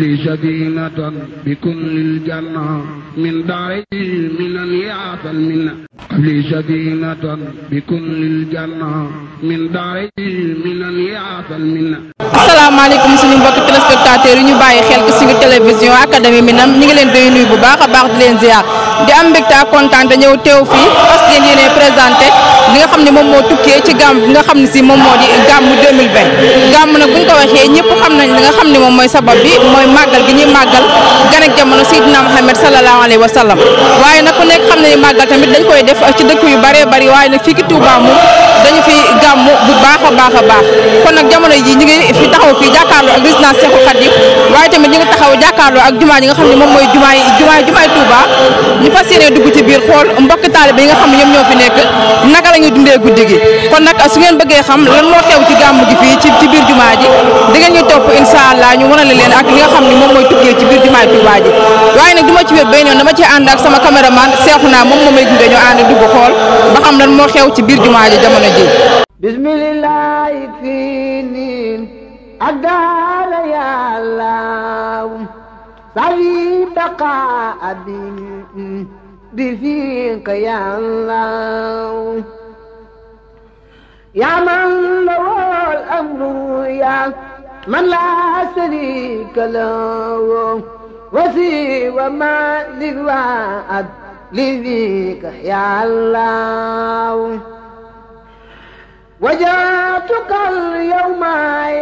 li sadinatan bi kullil janna min daari minan yaatal minna li sadinatan bi kullil janna min daari minan yaatal minna asalaamaaleykum suñu mbokki téléspectateurs yi ñu bàyyi xel ci suñu télévision académie minam ñu ngi leen di nuyu bu baax a baax di leen ziar di am mbégte ak kontaan ñëw teew fii parce que yéen yéenee présenté li nga xam ne moom moo tukkee ci gàmm bi nga xam ne si moom moo di gàmmu 2020 gàmm nag buñ ko waxee ñëpp xam nañ li nga xam ne moom mooy sabab bi mooy màggal gi ñuy màggal gan ak jamono Seydina Muhammad sallallahu alayhi wa sallam waaye na ku nekk xam ne ni màggal tamit dañ koy def ci dëkk yu bëree bëri waaye nag fii ki Touba moom dañu fi gàmmu bu baax a baax a baax kon nag jamono ji ñu ngi fi taxaw fii jàkkaarloo ak résidence Cheikhul Khadim jumaa yi nga xam ne moom mooy jumaay jumaay jumaay nga xam ne ñoom ñoo fi nekk naka la ñuy dundee guddi gi bëggee xam lan ci gàmmu gi fii ci ci biir jumaa ji da ñu topp incha allah ñu wanale leen ak li nga xam ne moom mooy tukkee ci biir jumaay Touba ji waaye nag du ma ci wér benn yoon dama ci ànd ak sama caméraman Cheikhouna moom moom may gunge ñu ànd dugg xool ba xam lan moo xew ci biir jumaa ji jamono diw bismillahi fii ak daara yàllaaw sawi baqa abi bi fiika yàllaaw yaa man lawol amru yaa man laa sharika lahu wasi wa ma lil waad li fika ya وجاتك اليوم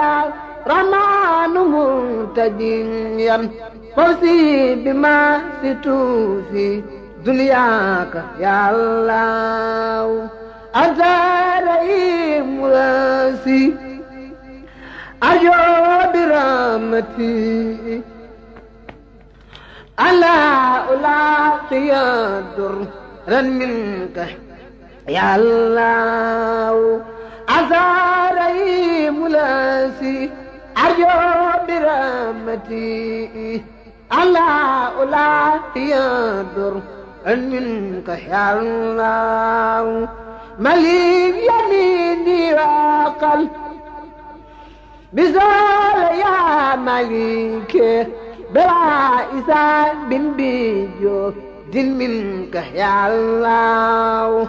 يا رمان منتجيا فوزي بما ستوفي دنياك يا الله أنت رئيم راسي أرجو برحمتي ألا ألاقي الدر منك يا الله عزاري ملاسي أرجو برحمتي ألا ألا يضر أن منك يا الله مليك يميني وقل بزول يا مليك بلا إسان بن بيجو دل منك يا الله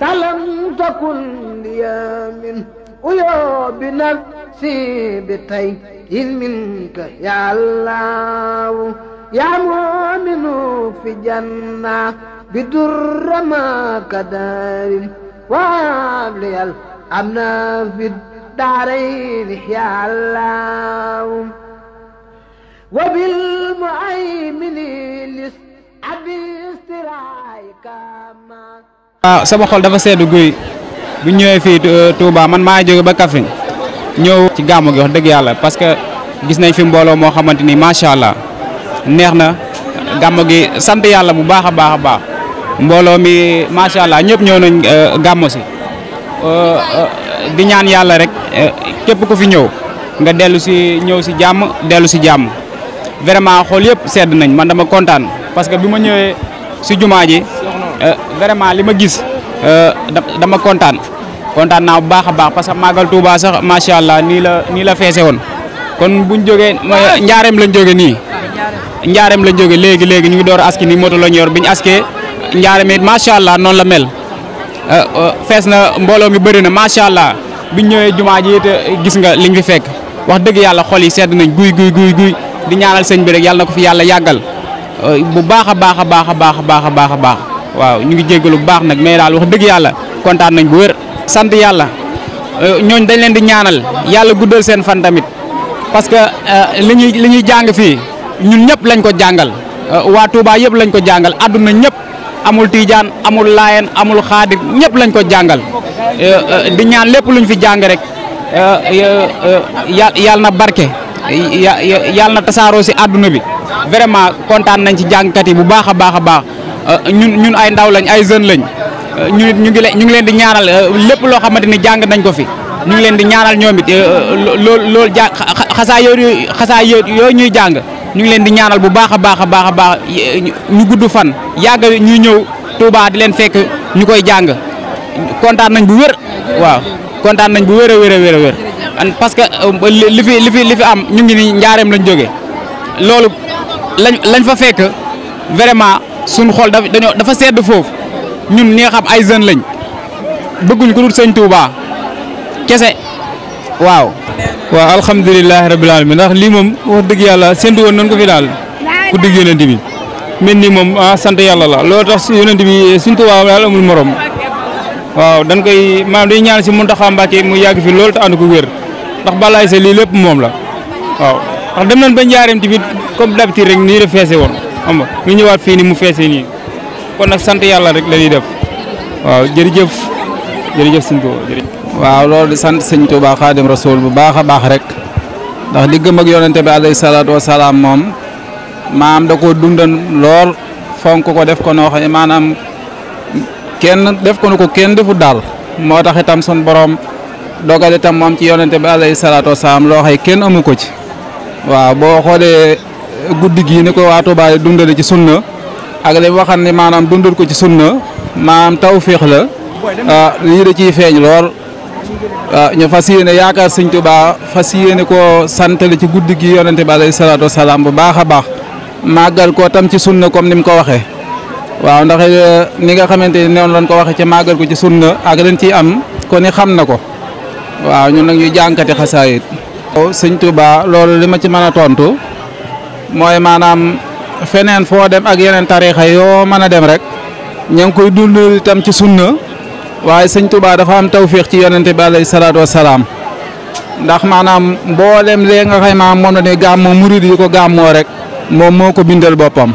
سلم تكن لي من ويوب نفسي بطي إذ منك يا الله يا مؤمن في جنة بدر ما كدار وابلي الأمن في الدارين يا الله وبالمؤمن لس أبي استرايك ما waaw ah, sama xol dafa sedd guy bu ñëwee fii euh, Touba man maa joge ba kafin ñëw ci gàmmu gi wax dëgg yàlla parce que gis nañ fi mbooloo moo xamante ni macha allah neex na gàmmu gi sant yàlla bu baax a baax a baax mbooloo mi macha allah ñëpp ñëw nañ euh, gàmmu si euh, di ñaan yàlla rek képp ku fi ñëw nga dellu si ñëw si jàmm dellu si jàmm vraiment xool yëpp sedd nañ man dama kontaan parce bi ma ñëwee si jumaa vraiment li ma gis euh, dama kontaan kontaan naa bu baax a baax parce que màggal Touba sax macha allah nii la nii la feese woon kon buñ jógee njaareem lañ jóge nii njaareem la jóge léegi léegi ñu ngi door aski nii moto la ñu yor biñ askee njaareem it macha allah noonu la mel euh, euh, fees na mbooloo mi bëri na macha allah biñ ñëwee jumaa ji it gis nga liñ fi fekk wax dëgg yàlla xol yi sedd nañ guy guy guy guy di ñaanal sëñ bi rek yàlla ko fi yàlla yàggal bu baax a baax a baax a baax a baax a baax. waaw ñu ngi jéggalu bu baax nag mais daal wax dëgg yàlla kontaan nañ bu wér sant yàlla euh, ñooñ dañ leen di ñaanal yàlla guddal seen fan tamit parce que euh, li ñuy li ñuy jàng fii ñun ñëpp lañ ko jàngal euh, waa tuubaa yëpp lañ ko jàngal àdduna ñëpp amul tiijaan amul laayeen amul xaadir ñëpp lañ ko jàngal di ñaan lépp luñ fi jàng rek yàlla na barke yàlla na tasaaroo si àdduna bi vraiment kontaan nañ ci jàngkat yi bu baax a baax a baax. Euh, ñun ñun ay ndaw lañ ay jeunes lañ euh, ñu ñu ngi leen ñu ngi leen di ñaanal euh, lépp loo xamante ni jàng nañ ko fi ñu ngi leen di ñaanal ñoom it lool loolu ja xasaa yooyu xasaa yooyu ñuy jàng ñu ngi leen di ñaanal bu baax a baax a baax a baax ñu gudd fan yàgg ñu ñëw Touba di leen fekk ñu koy jàng kontaan nañ bu wér waaw kontaan nañ bu wér a wér a wér a wér parce que li fi li fi li fi am ñu ngi ni njaareem lañ jógee loolu lañ lañ fa fekk vraiment. suñ xol dafa dañoo dafa sedd foofu ñun ñi nga xam ay jeunes lañ bëgguñ ku dul sëñ Touba kese waaw. waaw alhamdulilah rabil alamin ndax lii moom wax dëgg yàlla séntu woon nañ ko fi daal ku dëgg yonent bi mel nii moom ah sant yàlla la loolu tax yonent bi sëñ Touba daal amul moroom waaw dan koy maanaam dañuy ñaan si Mountakha Mbacké mu yàgg fi loolu te ànd ko wér ndax balaay sa lii lépp moom la waaw. wax dem nañ ba njaareem tamit comme d'habitude rek nii la feese woon. xam nga ñu ñëwaat fii ni mu feesee nii kon nag sant yàlla rek la def waaw jërëjëf jërëjëf sëñ Tuuba jërëjëf. waaw loolu di sant sëñ Tuuba Xaadim Rasuul bu baax a baax rek ndax di gëm ak yonente bi alayhi salaatu wa salaam moom maam da koo dundan lool fonk ko def ko noo xam ne maanaam kenn def ko ko kenn defu daal moo tax itam sun borom dogal itam moom ci yonente bi alayhi salaatu wa salaam loo xam kenn amu ko ci waaw boo xoolee guddi gii ni ko waa Touba yi dundale ci sunna ak li waxan ne maanaam dundal ko ci sunna maanaam tawféex la ah, lii da ciy feeñ lool ah, ñu fas yéene yaakaar sëñ Touba fas yéene koo santale ci guddi gi yonente bi alayhi salaatu wasalaam bu baax a baax màggal ko tam ci sunna comme ni mu ko waxee waaw ndax eh, ni nga xamante ni noonu lañ ko waxee ci màggal ko ci sunna ak leen ciy am ko ni xam na ko waaw ñun nag ñuy jànkati xasaayit sëñ Touba loolu li ma ci mën a tontu mooy maanaam feneen foo dem ak yeneen tariixa yoo mën a dem rek ña ngi koy dundal itam ci sunna waaye sëñ Touba dafa am tawfiix ci yonente bi alayhi salaatu ndax maanaam mboolem lee nga xay maam moom la ne gàmmo murid yi ko gàmmoo rek moom moo ko bindal boppam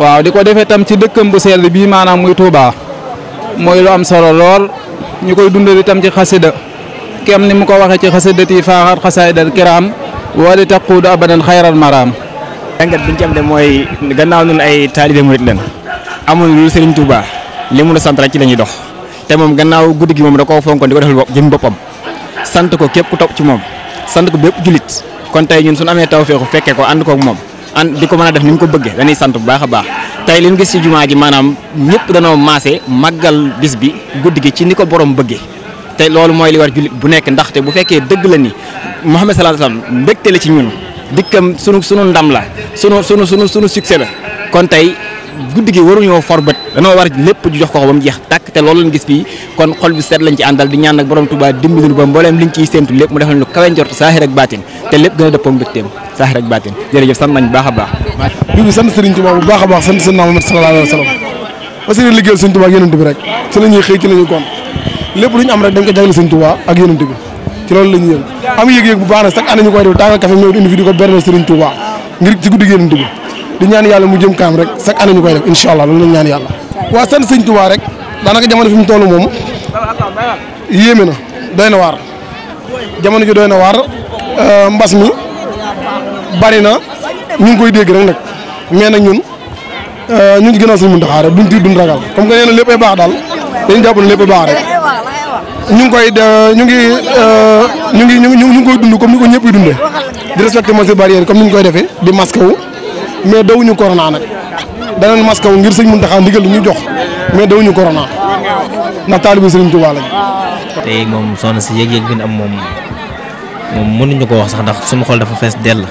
waaw di ko defee tam ci dëkkam bu sell bii maanaam muy Touba mooy lu am solo lool ñu koy dundal itam ci xasida kem ni mu ko waxee ci xasidati faaxar xasaydal kiraam wali taquudu abadan xayral maraam jàngat bi ñu ci am de mooy gannaaw ñun ay taalibe murit leen amul lu Serigne Touba li mun a sant rek ci la ñuy dox te moom gannaaw guddi gi moom da koo fonkoon di ko defal jëm boppam sant ko képp ku topp ci moom sant ko bépp jullit kon tey ñun su suñu amee tawféexu fekkee ko ànd koog moom ànd di ko mën a def ni mu ko bëggee dañuy sant bu baax a baax tey li ñu gis ci jumaa ji maanaam ñëpp danoo maase màggal bis bi guddi gi ci ni ko borom bëggee te loolu mooy li war jullit bu nekk ndaxte bu fekkee dëgg la ni Muhammad sallallahu alayhi wasallam mbégte la ci ñun dikkam sunu sunu ndam la sunu sunu sunu sunu succès la kon tey guddi gi waruñoo for bët danoo war lépp jox ko ba mu jeex tàkk te loolu lañ gis fii kon xol bi seet lañ ci àndal di ñaan nag borom Tuubaa dimbali ba mbooleem liñ ciy séntu lépp mu defal ñu kawe njort saahir a dëppoo baax a baax. bi bi sant Serigne Touba a baax ci la xëy ci la kon lépp lu ñu am rek dañ ko jagle Sëñ ak yonent bi ci loolu la ñuy yëngu am yëg-yëg bu baax na chaque année ñu koy def tàngal café ñëw indi fi di ko berne Serigne Touba ngir ci guddi ñaan yàlla mu jëm kaam rek chaque année ñu koy def incha allah loolu la ñaan yàlla waa sant Serigne Touba rek daanaka jamono fi mu toll moom yéeme na doy na waar jamono ji doy na waar euh, mbas mi bari na ñu koy dégg rek nag mais nag ñun euh, ñu ngi gënal suñu muntaxaare duñ tiit duñ ragal comme que nee na lépp baax daal dañ jàpp ne lépp ay baax rek ñu ngi koy euh, euh, ñu ngi ñu ngi ñu ngi koy dund comme ni ko ñëpp di dundee di respecté mesures barrières comme ñu koy defee di masque mais dawuñu corona nag danañ masque wu ngir sëñ Muntaxa ndigal lu ñu jox mais dawuñu corona ndax taalibu sëriñ Tuubaa lañ. tey moom soxna si yëg-yëg bi am moom moom mënuñu ko wax sax ndax suñu dafa fees dell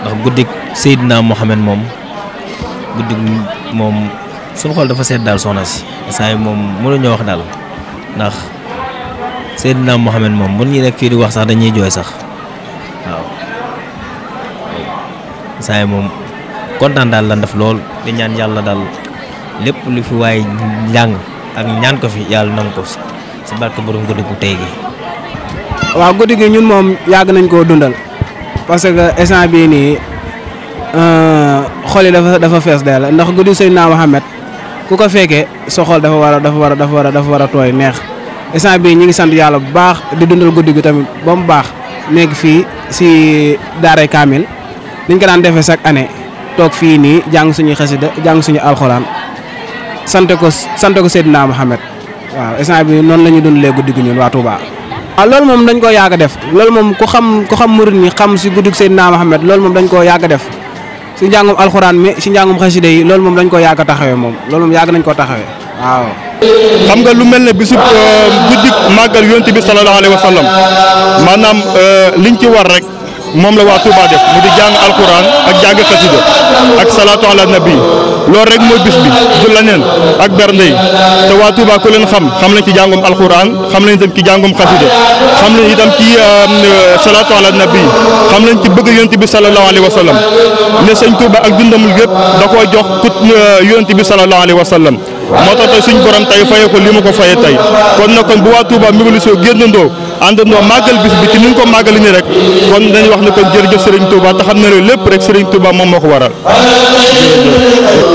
ndax guddik Seydina Mohamed moom guddik moom suñu xol dafa seet daal soxna si saa yi moom mënuñoo wax daal ndax. na Mohamed moom bu ñu nekk fii di wax sax dañuy jooy sax waaw saa moom kontaan daal lan def lool di ñaan yàlla daal lépp lu fi waaye njàng ak ñaan ko fi yàlla nangu ko si si barke borom guddi gu tey gi. waaw guddi gi ñun moom yàgg nañ koo dundal parce que instant bii nii euh, xol yi dafa dafa fees dee la ndax guddi Seydina Mohamed ku ko fekkee soxol xol dafa war dafa war dafa war a dafa war a tooy neex. instant bi ñu ngi sant yàlla bu baax di dundal guddi gi tamit ba mu baax nekk fii si daaray kaamil niñ ko daan defee chaque année toog fii nii jàng suñuy xasida jàng suñu alxuraan sante ko sant ko Seydina Mohamed waaw instant bi noonu la ñuy dundalee guddi gi ñun waa Touba. waaw loolu moom dañ koo yàgg def loolu moom ku xam ku xam murid ñi xam si guddi Seydina Mohamed loolu moom dañ koo yàgg a def si njàngum alxuraan mi si njàngum xasida yi loolu moom dañ koo yàgg a taxawee moom loolu yàgg nañ koo taxawee xam nga lu mel ne bisub euh, guddi màggal yonent bi sallallahu alayhi wa sallam maanaam euh, liñ ci war rek moom la waa Touba def mu di jàng alquran ak jàng xasida ak salaatu ala nabi loolu rek mooy bis bi du leneen ak bernde yi te waa Touba ku leen xam xam lañ ci jàngum alquran xam lañ itam ci jàngum xasida xam lañ itam ci euh, salaatu ala nabi xam lañ ci bëgg yonent bi sallallahu alayhi wa sallam ne sëñ Touba ak dundamul yëpp da ko jox kut yonent bi sallallahu alayhi wa sallam moo tax tey suñu borom tey fayee ko li mu ko faye tey kon nag kon bu waa Touba Mbiru Sow génnandoo àndandoo màggal bis bi ci ni ñu ko màggali ni rek kon dañuy wax ne kon jërëjëf Serigne Touba te xam na ne lépp rek Serigne Touba moom moo ko waral.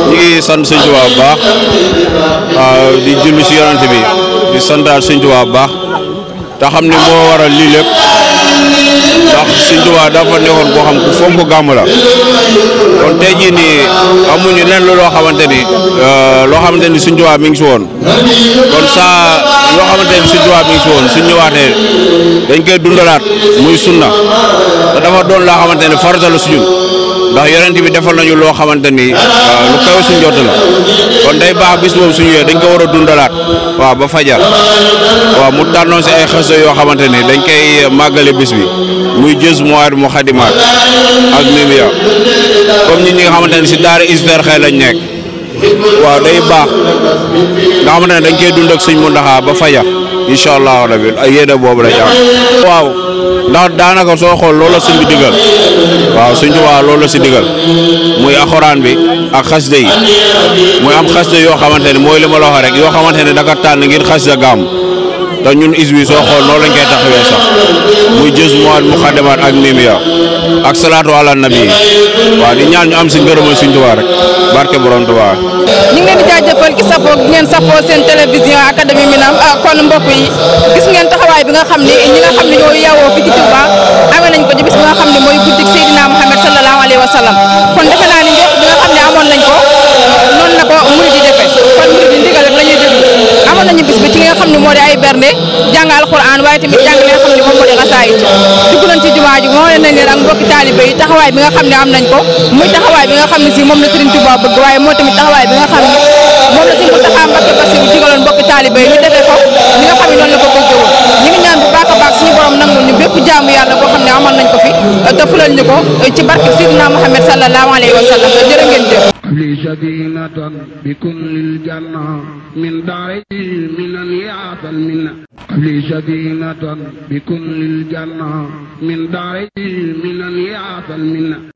ñu ngi sant Serigne Touba si yonent bi di santaat Serigne Touba bu baax te xam ne moo waral lii lépp. ndax Sëñ Tuubaa dafa nekkoon koo xam ku fonk gàmm la kon tey jii nii amuñu lenn loo xamante ni euh, loo xamante ni Sëñ Tuubaa mi ngi si woon kon saa loo xamante ni Sëñ Tuubaa mi ngi si woon suñ ñëwaatee dañ koy dundalaat muy sunna te dafa doon laa xamante ni farata la suñu ndax yonent bi defal nañu loo xamante ni lu kawe suñ la kon day baax bis boobu suñu yooyu dañ ko war a dundalaat waaw ba fajar waaw mu tànnoon si ay xeso yoo xamante ni dañ koy màggale bis bi muy jës moir mu xadimaat ak mimia comme ñi nga xamante ne si daara isver xëy lañ nekk waaw day baax nga xamante ne dañ koy dund ak suñ mu ndaxaa ba fajar incha allah rabi ay yéene boobu la ñu waaw ndax daanaka soo xool loolu si digal waaw suñ Tuubaa loolu la si digal muy alxuraan bi ak xasida yi muy am xasida yoo xamante ne mooy li ma la rek yoo xamante ne daka tànn ngir xasida gàmm te ñun is bi soo xool noonu lañ koy taxawee sax muy jës mois muqaddimaat ak mimiya ak salaatu ala nabi waaw di ñaan ñu am si ngërëmal suñ Tuubaa rek barke borom Tuubaa ngeen ki safoo ngeen safoo seen télévision académie Minane ah, kon mbokk yi gis ngeen taxawaay bi nga xam ni ñi nga xam ne ñoo yeewoo fi ci Touba amee nañ ko ci bis bi nga xam ne mooy guddik Seydina Mouhamed sallallahu alayhi wa sallam kon defe naa ni njort bi nga xam ne amoon nañ ko noonu la ko murid yi defee kon murid yi ndigal rek la ñuy déglu amoon nañu bis bi ci li nga xam ne moo di ay bernde jàng alxuraan waaye tamit jàng li nga xam ne moom moo di xasaayit dugg nañ ci jumaa ji moo leen leen ak mbokki taalibe yi taxawaay bi nga xam ne am nañ ko muy taxawaay bi nga xam ne si moom la Serigne Touba bëgg waaye moo tamit taxawaay bi nga xam ne moom la Sëñ Mountakha Mbacké Bassirou digaloon mbokki taalibe yi ñu defee ko li nga xam la ko bëggee woon ñu ngi ñaan bu baax a baax suñu borom nangul ñu bépp jaamu yàlla boo xam ne amal nañ ko fi te fulal ko ci barke Seydina Muhammad sallallahu alayhi wa sallam jërë ngeen jëf